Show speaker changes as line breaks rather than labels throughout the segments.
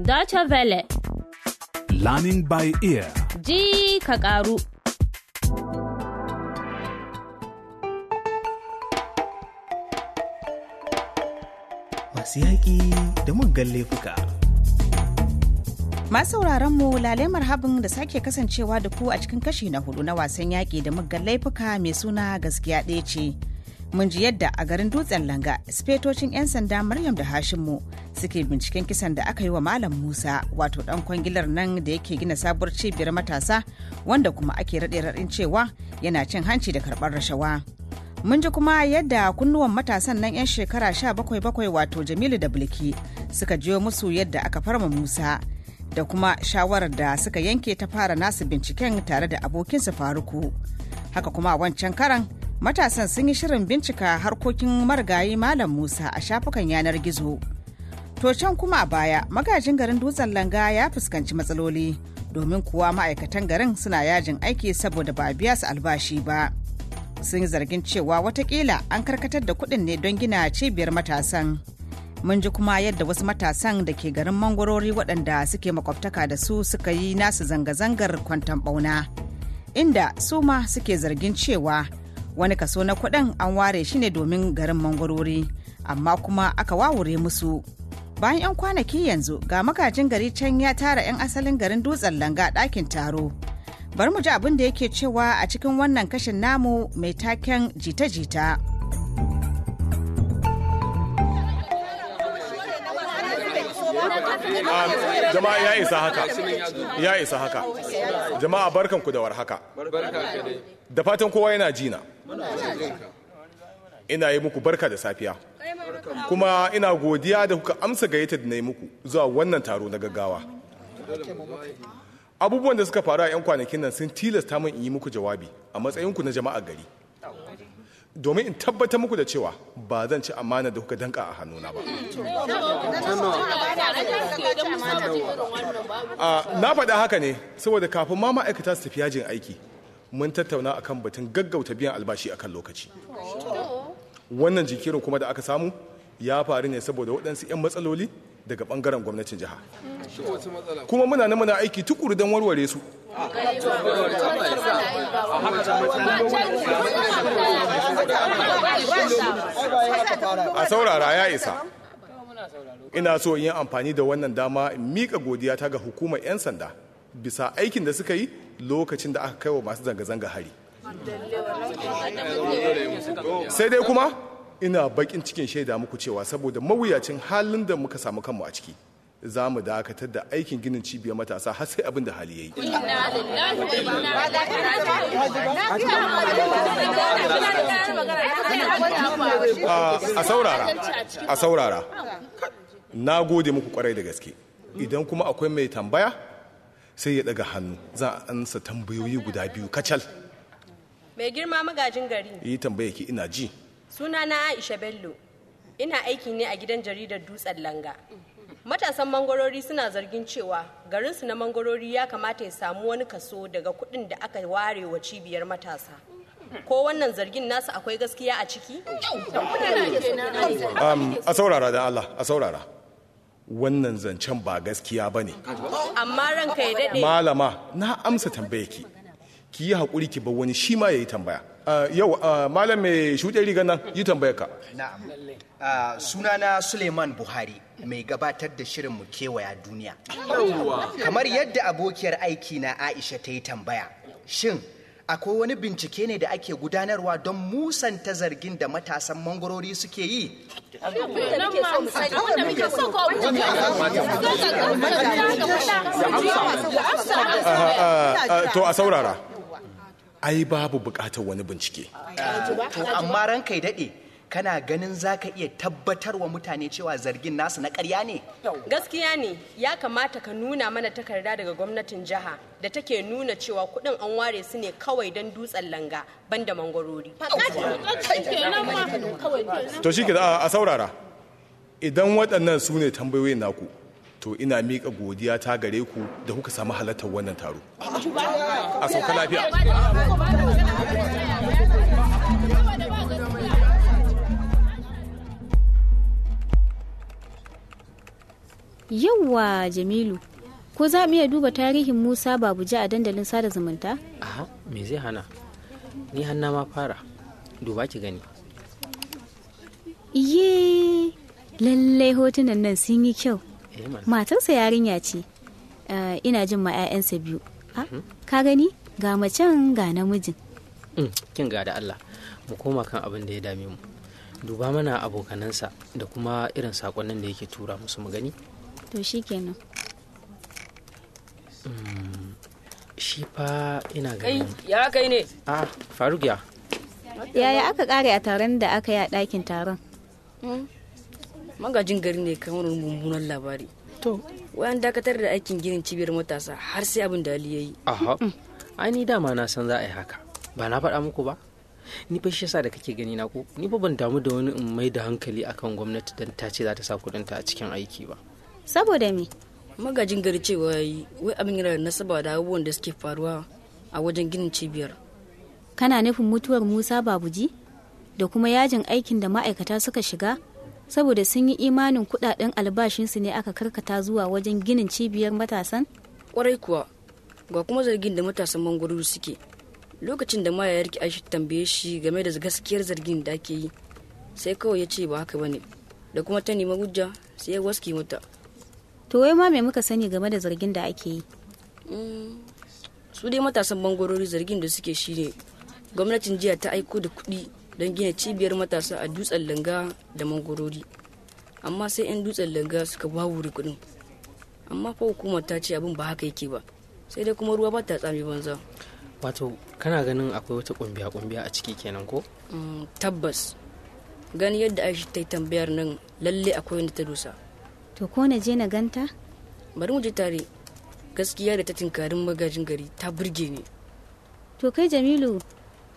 Deutsche Welle.
Learning by ear.
Ji ka karu.
Masu yaƙi da muggan laifuka.
Masu mu lale marhabin da sake kasancewa da ku a cikin kashi na hudu na wasan yaƙi da muggan laifuka mai suna gaskiya ɗaya ce. mun ji yadda a garin dutsen langa spetocin 'yan sanda maryam da hashimu suke binciken kisan da aka yi wa malam musa wato dan kwangilar nan da yake gina sabuwar cibiyar matasa wanda kuma ake raɗe raɗin cewa yana cin hanci da karɓar rashawa mun ji kuma yadda kunnuwan matasan nan 'yan shekara sha bakwai-bakwai, wato jamilu da bulki suka jiyo musu yadda aka farma musa da kuma shawarar da suka yanke ta fara nasu binciken tare da abokinsa faruku haka kuma wancan karan matasan sun yi shirin bincika harkokin marigayi malam musa a shafukan yanar gizo to can kuma a baya magajin garin dutsen langa ya fuskanci matsaloli domin kuwa ma'aikatan garin suna yajin aiki saboda ba biya su albashi ba sun yi zargin cewa watakila an karkatar da kuɗin ne don gina cibiyar matasan mun ji kuma yadda wasu matasan da ke garin mangwarori waɗanda suke makwabtaka da su suka yi nasu zanga-zangar kwantan ɓauna inda su ma suke zargin cewa wani kaso na kuɗin an ware shi ne domin garin mangwarori amma kuma aka wawure musu bayan 'yan kwanaki yanzu ga magajin gari can ya tara 'yan asalin garin dutsen langa ɗakin taro bari mu ji abin da yake cewa a cikin wannan kashin namu mai taken jita-jita
jama'a ya isa haka ya isa haka jama'a barkanku da warhaka da fatan kowa yana jina ina yi muku barka da safiya kuma ina godiya da kuka amsa gayyata da na yi muku zuwa wannan taro na gaggawa abubuwan da suka faru a 'yan kwanakin nan sun tilasta min in yi muku jawabi a matsayinku na jama'a gari domin in tabbatar muku da cewa ba zan ci amana da kuka danka a hannuna
ba. Na
faɗa haka ne saboda kafin ma ma'aikata su tafi yajin aiki mun tattauna akan batun gaggauta biyan albashi akan lokaci. Wannan jikirin kuma da aka samu ya faru ne saboda waɗansu 'yan matsaloli daga bangaren gwamnatin jiha kuma muna na muna aiki tukuru don warware su a saurara ya isa ina so yin amfani da wannan dama in miƙa godiya ta ga hukumar 'yan sanda bisa aikin da suka yi lokacin da aka kai wa masu zanga-zanga hari
sai dai kuma
ina bakin cikin shaida muku cewa saboda mawuyacin halin da muka samu kanmu a ciki za mu dakatar da aikin ginin cibiyar matasa har sai abin da hali ya yi. A saurara, a saurara, na gode muku kwarai da gaske. Idan kuma akwai mai tambaya sai ya daga hannu za a ansa tambayoyi guda biyu kacal.
Mai girma magajin gari.
Yi tambaya ki ina ji.
Suna na aisha bello ina aiki ne a gidan jaridar dutsen langa matasan mangwarori suna zargin cewa garinsu na mangwarori ya kamata ya samu wani kaso daga kuɗin da aka ware wa cibiyar matasa ko wannan zargin nasu akwai gaskiya a ciki um, a
saurara da allah a saurara wannan zancen ba gaskiya ba ne
amma ranka ya dade.
malama na amsa tambaya ki ki yi haƙuri ki bar wani shi ma ya yi tambaya yau malam mai shuɗe riga nan yi tambaya ka
na'am sunana suleiman buhari mai gabatar da shirin mu kewaya duniya kamar yadda abokiyar aiki na aisha ta yi tambaya shin akwai wani bincike ne da ake gudanarwa don musanta zargin da matasan mangorori suke yi
to a saurara ai babu bukatar wani bincike
to
amma ran kai daɗe kana ganin za ka iya tabbatar wa mutane cewa zargin nasu na ƙarya ne?
Gaskiya ne, ya kamata ka nuna mana takarda daga gwamnatin jiha da take nuna cewa kuɗin an ware su ne kawai don dutsen langa banda mangwarori.
To shi a saurara, idan waɗannan su ne tambayoyin naku, to ina miƙa godiya ta gare ku da kuka samu halartar wannan taro a sauka lafiya
yawwa jamilu ko za mu iya duba tarihin musa babuje a dandalin sada zumunta
aha me zai hana ni hanna ma fara duba ki gani
iye lallai hotunan nan sun yi kyau matarsa yarinya ce eh, ina jin ma 'ya'yansa biyu ah, ka gani ga macen ga namijin
mm, kin ga da Allah mu koma kan abin da ya dame mu duba mana abokanansa da kuma irin sakonnin da yake tura musu mu gani
to kenan
mm, shi fa ina gani ya kai ne a faruk ya
yaya aka kare a taron da aka yi a ɗakin taron
hmm? magajin gari ne kan wani mummunan labari to wayan dakatar da aikin ginin cibiyar matasa har sai abin da ali yayi aha mm.
ai ni dama na san za a yi haka ba na faɗa muku ba ni fa shi yasa da kake gani na ko ni fa ban damu da wani in mai da hankali akan gwamnati dan ta ce za ta sa ta a cikin aiki ba
saboda me magajin gari cewa wai abin yana nasaba da abubuwan da suke faruwa a wajen ginin cibiyar
kana nufin mutuwar musa babuji da kuma yajin aikin da ma'aikata suka shiga saboda sun yi imanin kudaden albashinsu ne aka karkata zuwa wajen ginin cibiyar matasan?
Kwarai kuwa, ga kuma zargin da matasan mangwarori suke. Lokacin da maya yarki aishi tambaye shi game da gaskiyar zargin da ake yi, sai kawai ya ce ba haka bane, da kuma ta nemi hujja sai ya waske mata.
To wai ma mai muka sani game da zargin da ake yi?
Mm, su dai matasan mangwarori zargin da suke shi ne, gwamnatin jiya ta aiko da kuɗi don gina cibiyar matasa a dutsen langa da mangorori amma sai 'yan dutsen langa suka wawure kudin amma fa hukumar ta ce abin ba haka yake ba sai dai kuma ruwa ba ta tsami banza
wato kana ganin akwai wata kumbiya kumbiya a ciki kenan ko
mm, tabbas gani yadda aisha ta yi tambayar nan lalle akwai wanda ta dosa to ko na je na ganta bari mu je tare gaskiya da ta tinkarin magajin gari ta
burge ne. to kai jamilu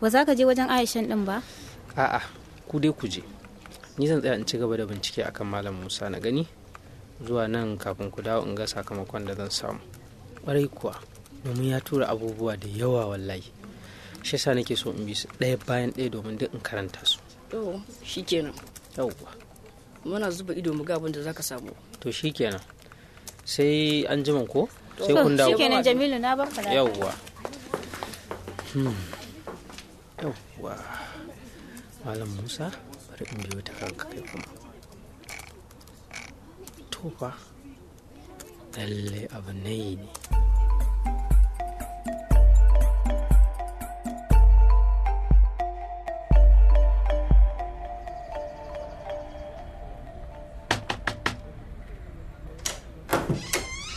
ba za ka je wajen aishan din ba
a'a ku dai ku je ni zan tsaya in ci gaba da bincike akan malam musa na gani zuwa nan kafin ku dawo in ga sakamakon da zan samu ƙwarai kuwa domin ya tura abubuwa da yawa wallahi shi sa nake so in bi su ɗaya bayan ɗaya domin duk in karanta su
to shikenan yawwa muna zuba ido mu ga abin da zaka samu
to shikenan sai an jima ko sai kun dawo kenan jamilu na barka da yawwa hmm. Malam Musa bari in biyo ta kanka kai kuma. To fa, lalle abu ne.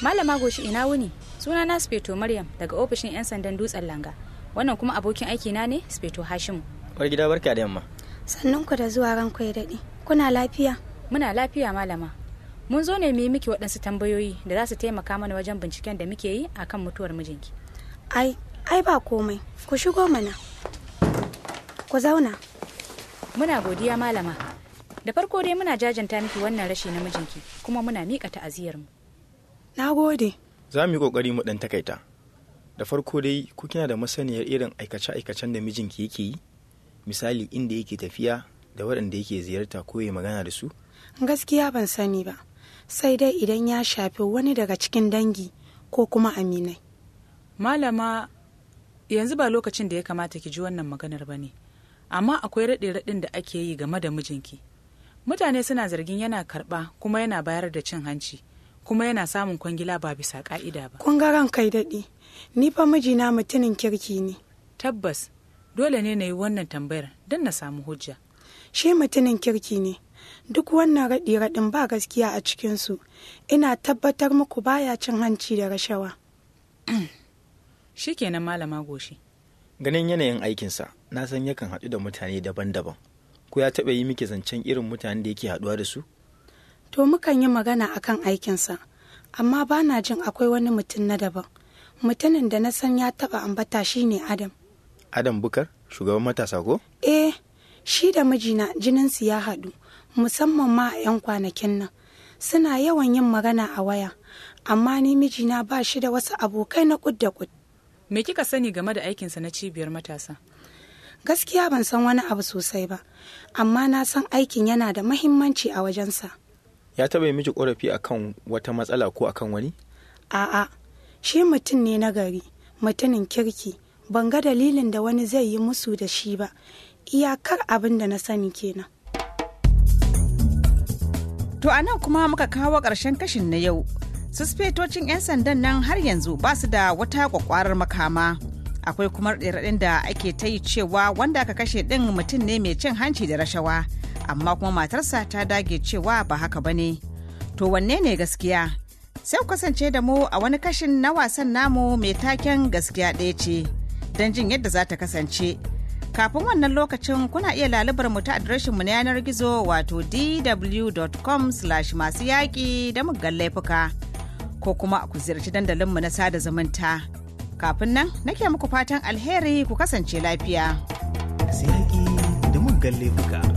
Malama goshi ina wuni suna na Speto Maryam daga ofishin 'yan sandan dutsen langa wannan kuma abokin aikina ne Speto Hashimu.
War gida barka da yamma.
sannan ku da zuwa ranku ya daɗe. Kuna lafiya? Muna lafiya malama. Mun zo ne mu yi miki waɗansu tambayoyi da za su taimaka mana wajen binciken da muke yi a kan mutuwar mijinki.
Ai, ai ba komai. Ku shigo mana. Ku zauna.
Muna godiya malama. Da farko dai muna jajanta miki wannan rashi na mijinki kuma muna miƙa
ta'aziyarmu.
Na gode. Za mu yi ƙoƙari mu ɗan takaita. Da farko dai ku kina da masaniyar irin aikace-aikacen da mijinki yake yi? misali inda yake tafiya da waɗanda yake ziyarta ko ya magana da su
gaskiya ban sani ba sai dai idan ya shafi wani daga cikin dangi ko kuma aminai malama yanzu ba lokacin da ya kamata ki ji wannan maganar ba ne amma akwai raɗe-raɗin da ake yi game da mijinki mutane suna zargin yana karɓa kuma yana bayar da cin hanci kuma yana samun kwangila ba bisa ƙa'ida ba kun ga ran kai daɗi ni fa mijina mutumin kirki ne tabbas dole ne na yi wannan tambayar don na samu hujja shi mutumin kirki ne duk wannan raɗi raɗin ba gaskiya a cikinsu ina tabbatar muku baya cin hanci da rashawa shikenan malama goshi
ganin yanayin aikinsa na san yakan haɗu da mutane daban-daban ku ya taɓa yi miki zancen irin mutane da yake haɗuwa da su
to mukan yi magana akan aikinsa amma ba na jin akwai wani mutum na daban mutumin da na san ya taɓa ambata shi ne adam
adam bukar shugaban matasa ko
eh shi da mijina jininsu ya haɗu musamman ma a 'yan kwanakin nan suna yawan yin magana a waya amma ni mijina ba shi da wasu abokai na kud da kud me kika sani game da aikinsa na cibiyar matasa gaskiya ban san wani abu sosai ba amma na san aikin yana da mahimmanci a wajensa
ya taɓa yi miji korafi akan wata matsala ko akan wani
a'a shi mutum ne na gari mutumin kirki ban ga dalilin da wani zai yi musu da shi ba iyakar abin da na sani kenan to anan kuma muka kawo ƙarshen
kashin na yau suspetocin 'yan sandan nan har yanzu ba su da wata kwakwarar makama akwai kuma raɗin da ake ta yi cewa wanda aka kashe ɗin mutum ne mai cin hanci da rashawa amma kuma matarsa ta dage cewa ba haka ba ne to wanne ne gaskiya sai ku kasance da mu a wani kashin na wasan namu mai taken gaskiya ɗaya ce. don jin yadda za ta kasance. Kafin wannan lokacin kuna iya lalubar mu ta adireshinmu na yanar gizo wato dw.com slash masu yaƙi da muggan laifuka ko kuma ku ziyarci dandalinmu na sada zumunta. Kafin nan nake muku fatan alheri ku kasance lafiya.
Masu yaƙi da muggan laifuka.